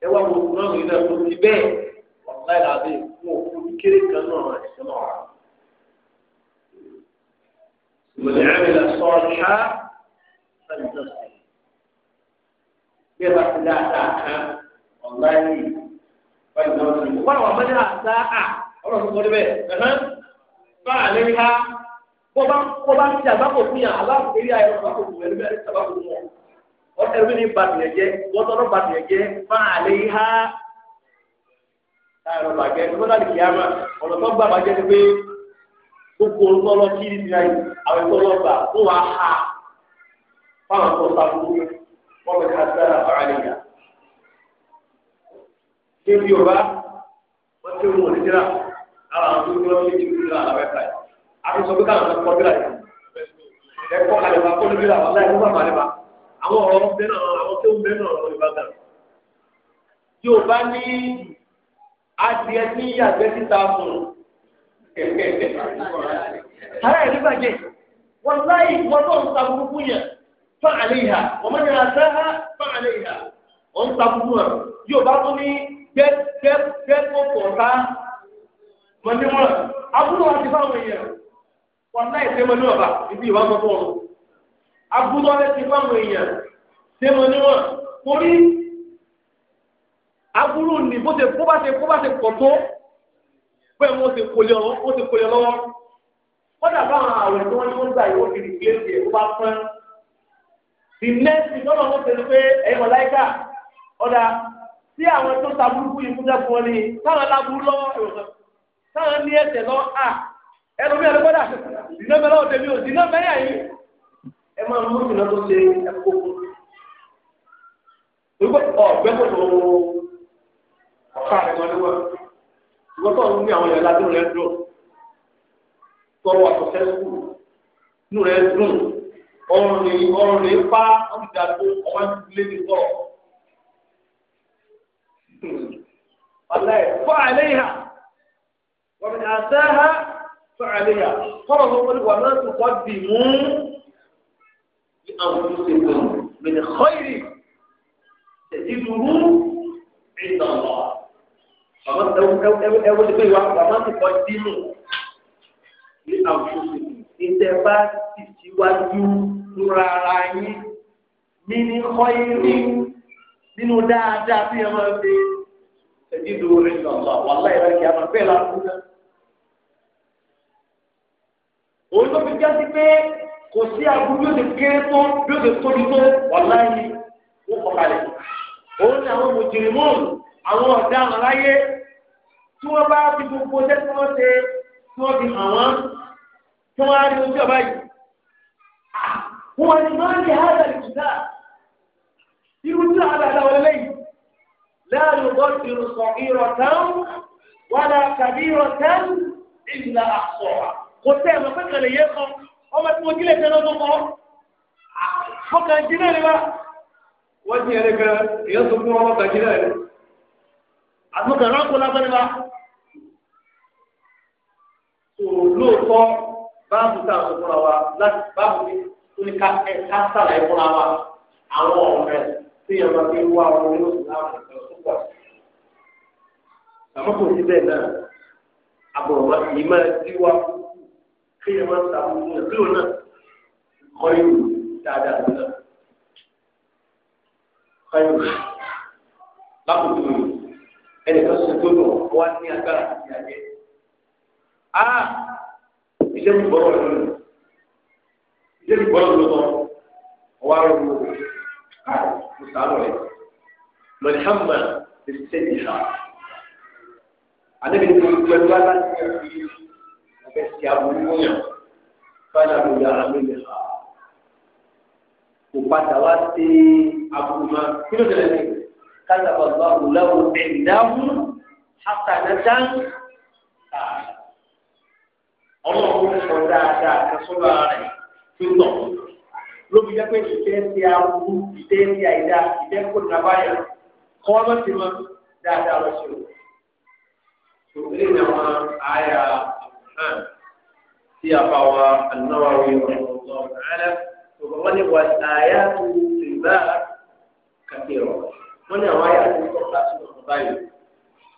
ẹ wá wo ìmọ̀ yìí náà tó ti bẹ́ẹ̀ ọ̀la ìlàbẹ̀ fún òkú kéré kan náà ẹ̀sìn náà. ìmọ̀lẹ̀ àmìlà sọ̀rọ̀ ṣá sani tó ṣe. bí ẹ bá ti dáadáa kan ọ̀la yìí báyìí náà ti wọ́n àwọn ọmọdé náà à ọ̀rọ̀ tó kọ́ níbẹ̀ bá a lè rí ha bá ń tí àgbákò fún yàn aláàbò eré ayọ̀ àgbákò fún ẹ̀ ẹbí ní bàtìyẹ jẹ wọ́tọ́rọ́ bàtìyẹ jẹ máa lè ha káàrọ̀ bàjẹ́ tó bọ́lá nìkìyà máa ọ̀rọ̀ tó gbà bàjẹ́ ni pé gbogbo olùkọ́lọ́ kiri ti náà àwọn ẹ̀kọ́ lọ́gbà tó wàá ha fáwọn tó ta fún wọn bẹ ká sára fara lè yà. ṣé bí o bá wọ́n ti mú òdìdíra ara àwọn tó gbọ́dọ̀ ní ìdíjú ìdíra àwọn ẹ̀ka yìí. a ti sọ pé káwọn ẹ̀kọ́ bí àwọn ọ̀rọ̀ bẹ́ẹ̀ náà àwọn tó ń náà ìbàdàn. Yorùbá ní adìẹ ní yàgbẹ́ títa fún un. Ara ẹ̀rí bàjẹ́, wọ́n láyé wọ́n tó ń ta burúkú yẹn fún wọ́n ní ń ta ní Abúlé wa ti fáwọn èèyàn, wọ́n ibi ìwà abúlọ́ rẹ ti fáwọn èèyàn ṣé mo níwọ̀n torí aburú ni bó ṣe kó bá ṣe kó bá ṣe pọ̀ tó bẹ́ẹ̀ wọ́n ti kólé ọ̀rọ̀ wọ́n ti kólé lọ́wọ́ kódà báwọn àwẹ̀ tí wọ́n ní wọ́n gbà yìí wọ́n fi ìdílé tiẹ̀ ó bá pọ́n the next thing lọ́nà wọ́n tẹ̀lé pé ẹ̀yin ọ̀láìkà ọ̀dà tí àwọn tó ta burúkú yìí fún dẹ́kun wọn ni táwọn aláburú lọ́wọ́ táwọn ní ẹ̀sẹ̀ lọ ẹ máa mú ìdùnnà tó ṣe ẹ̀kọ́ fún un. ọ̀gbẹ́ kò tó ọ̀ká ẹ̀gbọ́n ní wọ́n ìwọ́n tó ń ní àwọn ìyàrá tó rẹ̀ dùn tọrọ àtọ̀tẹ́ sùkúù inú rẹ̀ dùn ọrùn ní ọrùn ní pa ọ̀dà tó ọ̀wá lé ní sọ̀rọ̀. Wàláyé fọ́ àléyà wọ́n mi àṣẹ ha fọ́ àléyà kọ́rọ̀ ló wọlé wà náà tó kọ́ dì mú. أنفسكم من خير تجدوه عند الله فمن أو أو أو أو تقول ومن تقدموا لأنفسكم إذا بات تسيواجه نرارا من خير nínú dáadáa bí ẹ máa fi ẹdí lu orin lọ lọ wàhálà ìlà kí a máa fẹ́ la kú náà. òun ló fi jásí pé kò sí agbó bí ó ti kéré tó bí ó ti tóbi tó wàlá yìí ó kọkalẹ̀ òun ni àwọn mùjìrìmọ́ọ̀nù àwọn ọ̀daràn láyé tí wọ́n bá fi gbogbo tẹ́tí wọ́n ṣe tí wọ́n fi hàn wọ́n tí wọ́n á rí ojú ọba yìí ah, wọ́n ni máa ń lè há àgbà irú tí àgbà àdáwọ̀ lẹ́yìn láàrin ọgọ́rùn ìrọ̀tán wàdà kàbí ìrọ̀tán ìlà àṣọ kò tẹ́ ẹ̀ mọ̀ pé ọmọ tí mo jílẹ̀ fẹ́ lọ́dún mọ́ ọkà ìjìnlẹ̀ rẹ wa wọ́n ti yẹrẹ kan èyàn tó fún ọmọ kàjílẹ̀ rẹ àtúntò lápẹ́ nípa lóòótọ́ báàbù tá a fúnra wa láti báàbù tó ní ká fúnra wa àwọn tí yẹn máa fi wá tó pọ̀ àmọ́ kò sí bẹ́ẹ̀ náà àbọ̀rọ̀ kí ẹ máa ń fún ẹ kílò náà kọ́ dáadáa ló náà kọ́ lákòókò yìí ẹnì kan ṣe tó lọ wá ní agbára àti àjẹ. a iṣẹ́ ti bọ́rọ̀ lónìí iṣẹ́ ti bọ́rọ̀ lọ́tọ̀ ọwọ́ àrùn mi ká mo sàánù rẹ̀ mọ̀lẹ́hàmà ti ṣe ìṣà. àdébìnrin ti gbẹ̀gbẹ́ aláṣẹ ìṣẹ́ fẹ́ ti aburú yàn fáyà ló yà á lóye ha kò padà wá sí aburú ma kí ló dé lẹ́yìn kálá bàbá òwúlẹ́wò ẹ̀dáwó hasanata ọmọ òun sọ dáadáa kẹsọ́lá rẹ̀ tó tọ̀ lóbi jẹ́ pé ìfẹ́ ti aburú ìfẹ́ ti àìdá ìfẹ́ kò nàbáyà kọ́ ọ́ lọ́sẹ̀ mọ́ dáadáa lọ́sẹ̀ o. Tòun lè nà القرآن في أقوى النووي رحمه الله تعالى وقال والآيات في الباب كثيرة هنا آيات تقرأ سورة الطيب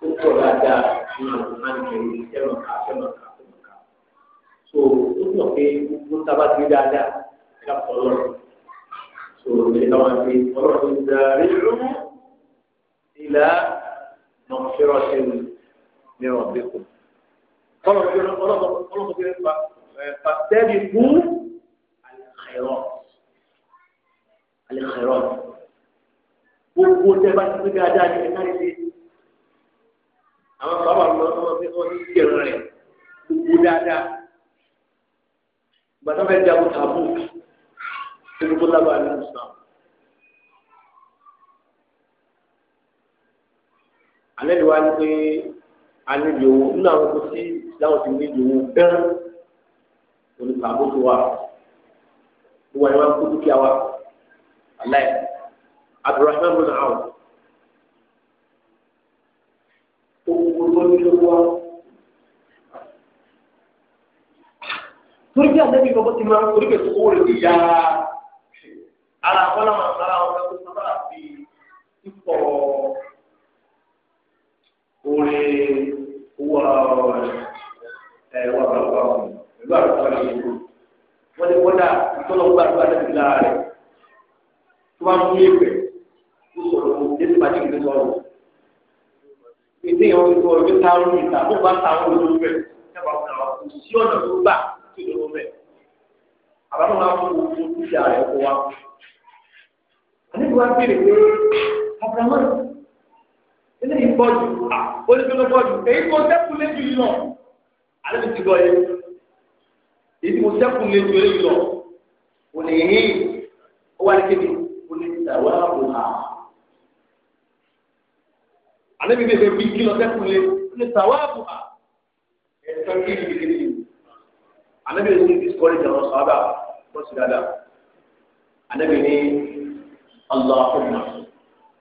تقرأ هذا من القرآن الكريم كما كما كما so tuntun pe mo taba ti dáadáa ẹka fọlọ so èyí táwọn fi fọlọ ti darí ìlà mọ̀fẹ́rọ̀ sí mi ní ọ̀bẹ́kùn kọ́lọ̀ ọlọ́kọ̀ fi fa fàtẹ́lì fún àlẹ́kẹ̀rọ̀ àlẹ́kẹ̀rọ̀ gbogbo tẹ́ bá ti pé dáadáa ní ẹ̀ka ìdí àwọn bàbá mi wọ́n fi wọ́n ti jẹun rẹ̀ gbogbo dáadáa gbàtà fẹ́ jagun tàbú gbogbo lábàá ní Islam. alẹ́ ni wàá ní pé alẹ́bi owó nínú àwọn kò sí láwọn ti ní ìdòwò gán olùkọ́ àbóso wa wọ́n yẹn máa kó dúkìá wa aláì abdulrahman bin awo owó tó ní lówó wa. torí bí alẹ́bi kọ́kọ́ ti máa ń orí kẹ̀sọ́ owó rẹ̀ ti yá ara àkọ́lá máa ń sára àwọn sábà fi ipò orin. àdúrà wọn pẹ̀lú àdúrà yẹn lò wọ́n lè kọ́dà ìtọ́lọ́ gba àdúrà lẹ́bi lára rẹ̀ tó bá mú ẹ̀fẹ̀ tó sọ̀rọ̀ jésù bá jìnnì sọ̀rọ̀ ètè yẹn wọ́n sọ̀rọ̀ bí táwọn ní ìta tó bá táwọn olówó rẹ̀ sábà fún àwọn kò sí ọ̀nà tó gbà tó lówó rẹ̀ àbámu máa fún owó tó ti àrẹ kó wa. àníkùwá bèrè pé ọ̀pọ̀ náà ilé ìpọ̀jù olùdókòjù èyí kò sẹ́kù lé alẹ́ ti gbọ́ yẹ èyí mo sẹ́kù lé ju eléyìí lọ kò lè hí ó wà ní kébi kò lè dàwọ́ àbò hà alẹ́ mi bèbè bí kí lọ sẹ́kù lé kò lè dàwọ́ àbò hà ẹ̀sán kí ni kékeré yìí alẹ́ mi lè ní discourage jẹ̀rọ sọ́ọ́dà lọ́sí dáadáa alẹ́ mi ní aláhùnmá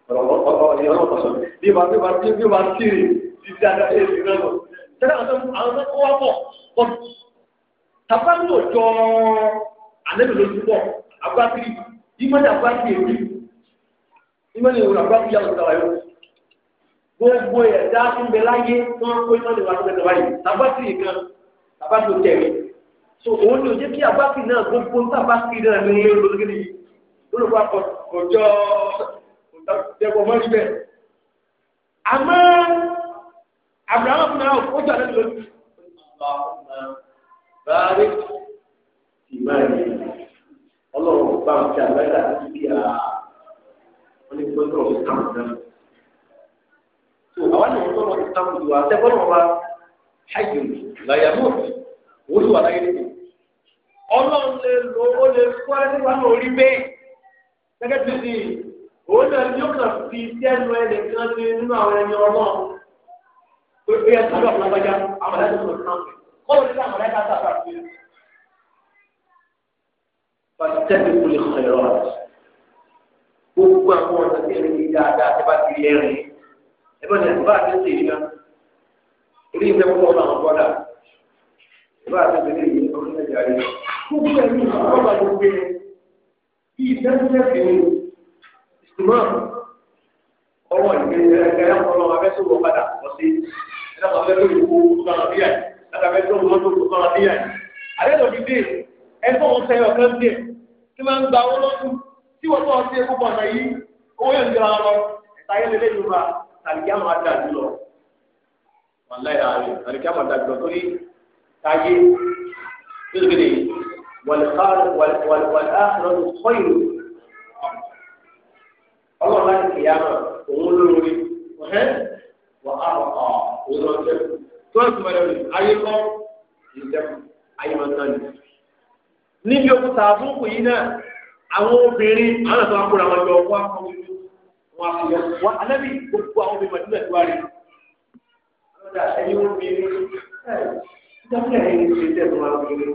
ọ̀rọ̀ ọ̀rọ̀ ọ̀rọ̀ ọ̀rọ̀ ọ̀sán bí wàá bí wàá bí wàá kiri títí àdáyé ìdílé lọ tẹ́lẹ̀ àwọn tó kọ́ wá pọ̀ pọ̀ tàbá ní òjò àlẹ́lò lójú pọ̀ agbábírì ìmọ̀lẹ̀ agbábírì èrí ìmọ̀lẹ̀ òun agbábírì àwọn ìtawà yóò gbogbo ẹ̀dá tó ń bẹ láyé tó ń kó ìmọ̀lẹ̀ wà lọ́dọ̀ wáyé agbábírì kan tàbá tó tẹ̀lé so òun ni òjé kí agbábírì náà gbogbo agbábírì náà ní ilé olóògbé ni olùkọ́ àkọ́jọ́ ọ̀dọ́ àmọ́ náà ó jà lẹ́nu lórí. báyìí ìmáyé ọlọ́run bá ń fi àgbáyé àti bí a wọ́n ní gbọ́dọ̀ ọ̀hún táwọn náà. tó àwọn ènìyàn tó lọ sí táwọn ìwà àtẹ́gbọ́n wọn wá ṣáàyè làyàmú òun ló wà láyé nìyẹn. ọlọ́run lè lo ó lè kó ẹni wà lórí bẹ́ẹ̀ gẹ́gẹ́ bí ti òun náà yóò kàn fi sẹ́nu ẹnìkan ní nínú àwọn ẹni ọlọ́run pé pé ẹ sọ́dọ̀ ọ̀pọ̀lọpọ̀já àwọn ẹ̀dá tó lọ sí kọ́ọ̀lù nígbà àwọn ẹ̀dá tó àbá fi. pàtẹ́kì kò lè kọ̀ ẹ̀rọ àti gbogbo àwọn ọ̀nà tí ẹ̀rín yìí dáadáa tẹ́ bá ti rí ẹ̀rín ẹ bá tẹ̀sí bá àti ṣèyí náà orí ìfẹ́ púpọ̀ ọ̀nà àwọn bọ́dà ìbá àti ṣèyí yìí ọdún ẹ̀jẹ̀ àrí gbogbo ẹ̀rí ìfọwọ́bà ló gbé ìfẹ́ fẹ́ ìsúná ọwọ́ ìgbẹ́ ẹ̀rẹ́ ẹ̀rẹ́ ọ̀pọ̀lọpọ̀ abẹ́sọ̀rọ̀ padà lọ sí ẹ̀dá kan fẹ́ lórí owó sọ̀rọ̀ díẹ̀ ẹ̀dá fẹ́ lórí owó sọ̀rọ̀ díẹ̀. àdéhùn ti dé ẹ̀fọ́ wọn sẹ́yọ̀ kan dé tí máa ń gba owó lọ́dún tí wọ́n tọ́ sí ẹkọ́ bọ̀ọ̀nà yìí owó yẹn ń jọra lọ ẹ̀ta yẹn lélẹ́ yorùbá tàbíkí àwọn adájú lọ. ọlọ́run láti kìyàmọ̀ òun lórí òun ọ̀sẹ̀ tó ọ̀sùn mẹ́rin rẹ̀ ayé kọ́ ìṣẹ́kù ayé máa tán ni. níbi okùn tààbùkù yìí náà àwọn obìnrin àwọn àti wọn kúra wọn jọ wọn kọ́ wọn wọn àfihàn wọn alábì gbogbo àwọn obìnrin màdúrà tó wà rí. lọ́dà ẹni wọ́n bí ẹ ìjọba ẹ̀yìn ṣe tẹ̀ fún wọn kiri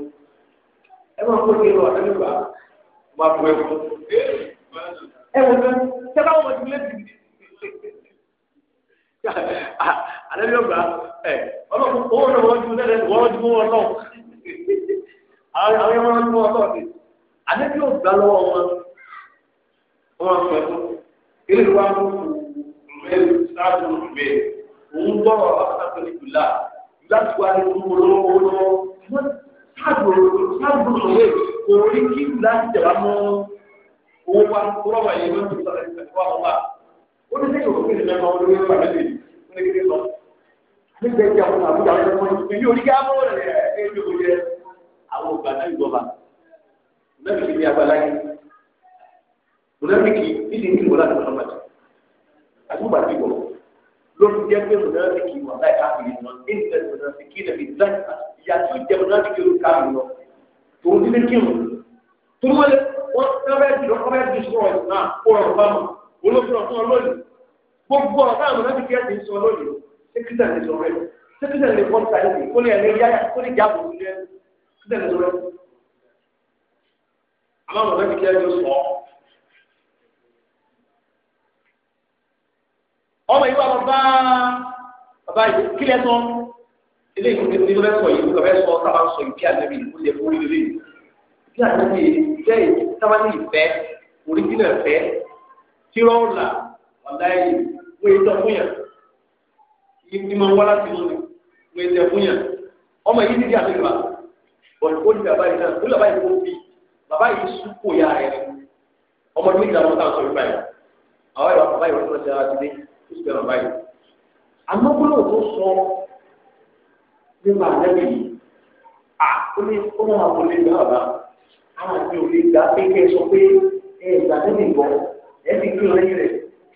ẹ máa kó kiri wọn àtẹ́lẹ́gbà máa fún ẹ fún. ẹ wò ó sẹ́kọ̀ àwọn ọmọdé alẹ́ yóò gbà ẹ̀ ọlọ́run owó náà wọ́n ju lẹ́lẹ́ wọ́n ju wọn lọ àwọn yẹn wọ́n ju wọn lọ sí alẹ́ yóò gbà lọ́wọ́ wọn wọ́n pẹ̀ fún eré wa ń fún mẹ́rin sáàtún mẹ́rin òun gbọ́rọ̀ ọ̀sán ìgbìlá láti wá ní fún olówó olówó wọ́n sáàtún sáàtún òwe orí kí láti jẹ̀bá mọ́ owó wa rọ́bà yẹn lọ́sọ̀rọ̀ ìgbà tó wà wọ́n wà ó ní sẹ́yìn òfin ìlẹ́mọ̀ olówó pàdé kékeré lọ nígbà tí àwọn àbújá ọjọ́ mọ́ èyí oníkẹ́ amúrò rẹ̀ ẹ̀ ẹ̀ ló jẹ àwọn ògbà náà ìjọba lẹ́nu ti di agbára gbogbo ọ̀tá àwọn ọ̀nà bíi ẹ̀sìn sọ lónìí sẹ́kítà lè sọ rẹ̀ sẹ́kítà lè wọ́n ta ẹ̀sìn kó lè ẹ̀rẹ́ yáyà kó lè jábọ̀ nílẹ̀ sẹ́kítà lè sọ rẹ̀ àwọn ọ̀nà bíi ẹ̀sìn sọ. ọmọ yìí wà bàbá bàbá yìí kílẹ̀ tán ilé ìwé ní bẹ́ẹ̀ sọ yìí bẹ́ẹ̀ sọ sábà sọ ìbí àdébí ìlú lè fún ilé ìbí àdébí ìfẹ́ sábà ní ìfẹ́ òrìjìnà ìfẹ́ tí wọ́n là ọ̀láyé wọ́n ètò fún yàn ní máa wá láti mú mi wọ́n ètò fún yàn ọmọ yìí ti di àmì ìgbà bọ̀dù ó di bàbá yìí náà ó lọ́ba yìí kó bí bàbá yìí sún kó ya rẹ̀ ọmọ mi ìgbà wọn táwọn sọ nípa yìí àwọn ìwà bàbá yìí wọ́n fún ọ̀sẹ̀ àti dé ó sì bẹ̀rẹ̀ bàbá yìí àmọ́ gbọ́dọ̀ tó sọ nípa àdẹ́bì yìí à ó ní ó mọ àwọn olè gbà bàbá àwọn àti olè gbà pé kẹ́ ẹ sọ pé ẹ ìgbà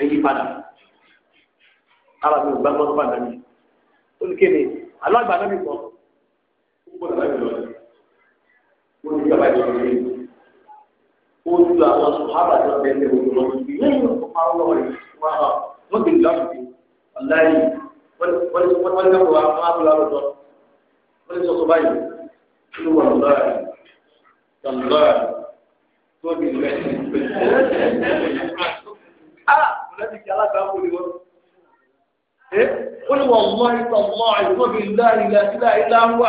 èyí padà ara mi ò gbá gbọ́dọ̀ padà mi ó ní kéde alágbà náà mi kọ́ ó gbọ́dọ̀ láti lọ sí ó ní ìjọba ìjọba ìjọba ó ju àwọn sùhábà tó ń bẹ ẹgbẹ́ òkú lọ sí lẹ́yìn ọ̀pá ọlọ́wọ́ rẹ̀ wọ́n á wọ́n ti lọ́ọ̀ sí ọ̀láyé wọ́n ní kẹ́kọ̀ọ́ wa wọ́n á tó lọ́ọ̀ lọ́ọ̀ wọ́n ní sọ́kọ́ báyìí ló wà lọ́ọ̀ rẹ̀ tọ̀lọ́ọ̀ tó di lẹ́yìn. Ah! àlẹ́bí kí alágbàáwò ni wọ́n. ẹ ó ní wọn mọ ìtọ̀ mọ àìsàn bíi ńlá ìlà ìlà ìlà ń wà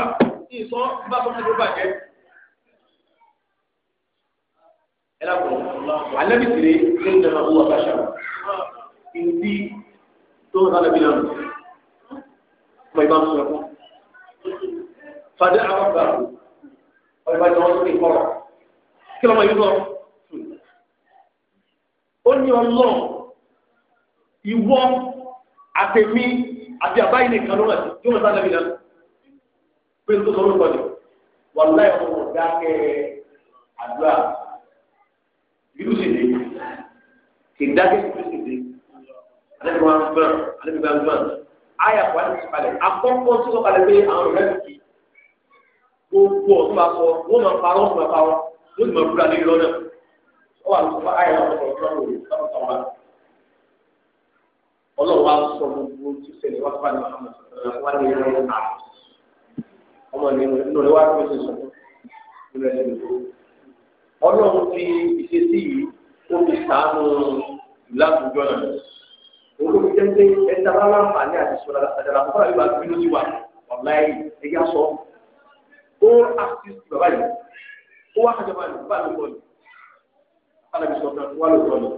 ní ìsọ bá bọ́ mẹ́tò bàjẹ́. ẹ lápò àlẹ́bí kiri ní ìdáná owó àbáṣà ìdí tó ń sálẹ̀ bí náà ọmọ ìbá ń sọ ẹ̀kọ́. fàdé àwọn ọgbà ọ̀rẹ́bàjẹ́ wọn tó ní ìkọ̀rọ̀ kí lọ́mọ yìí lọ. ó ní ọlọ́run ìwọ àtẹ̀mí àti àbáyé nìkan ló wà sí tí wọ́n sáré mi lẹ́nu pé n tó sọ lóko ni wọ́n láyé wọn ò dákẹ́ àdúrà ìlú sì dé kì í dákẹ́ ìlú sì dé alẹ́ wọn gbọ́n alẹ́ mi bá gbọ́n ayé àpò alẹ́ mi sì balẹ̀ akọ́kọ́ tí wọ́n balẹ̀ pé àwọn ọ̀rẹ́ mi kì í gbogbo ọ̀tún bá sọ wọ́n máa parọ́ wọ́n máa parọ́ wọ́n sì máa búra ní ìrọ́ náà wọ́n wà lóko ayé àwọn ọ̀rẹ́ mi kì í ọlọ́wọ́ sọ gbogbo tí ṣẹlẹ̀ wá fún àwọn wá ní ẹ̀rọ ìta ọmọ ní inú rẹ̀ wá fún ẹsẹ̀ sọ fún ẹsẹ̀ lòdò ọlọ́run fi ìṣesí yìí ó fi sàánú ìlàkùjọ náà olórí jẹ́jẹ́ ẹ̀dá rárá ń bà ní àdìsọ́lá àdàlà fún àwọn ìwà bínú sí wa ọ̀láyé ẹ̀yà sọ ó àtìsí bàbá yìí ó wá kájọba ní bá lóko ní alábìsọ̀tàn wà lóko ní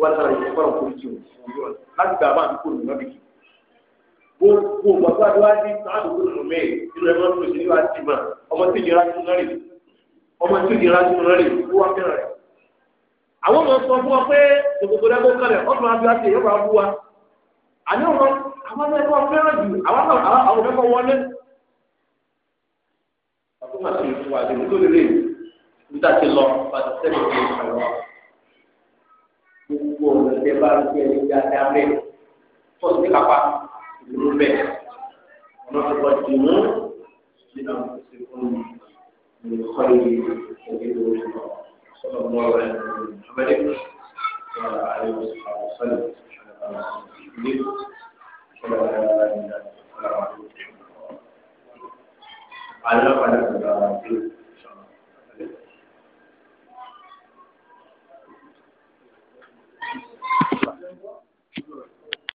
wọ́n tara ìyẹn fọ́nrán kò jù òwúrọ̀ láti gbà bá àdúgbò nù lọ́bì kì. gbogbo bàbá adéwájú sáàdùkú nù mẹ́ẹ̀ nínú ẹ̀rọ tó ṣe níwájú ti mọ̀ ọmọ tí ìnira tún náà rè ọmọ tí ìnira tún náà rè ó wá fẹ́ràn rẹ̀. àwọn ọmọ sọ fún ọ pé gbogbo dágbó kalẹ̀ ọ̀tún adé àti ẹ̀yọ́ bá bú wa. àní ọmọ àwọn ẹ̀kọ́ fẹ́ràn jù àwọn ẹ̀kọ́ wọlé. àkókò àti ìfowópamọ́ tẹ bá rí bí ẹni dáadáa bẹ́ẹ̀ tó sì ní kápá ìlú bẹ́ẹ̀ ọ̀nà ìgbà tì mú nínú àwọn ìṣẹ̀lẹ̀ fún mi ní kọ́ iye ìṣẹ̀lẹ̀ tó ń lọ sọ̀rọ̀ mọ́ ọ̀rẹ́ ọ̀bẹ̀dẹ̀ sọ̀rọ̀ àyè ọ̀sọ̀lẹ̀ ìṣẹ̀lẹ̀ sọ̀rọ̀ àyè ọ̀sọ̀lẹ̀ ìṣẹ̀lẹ̀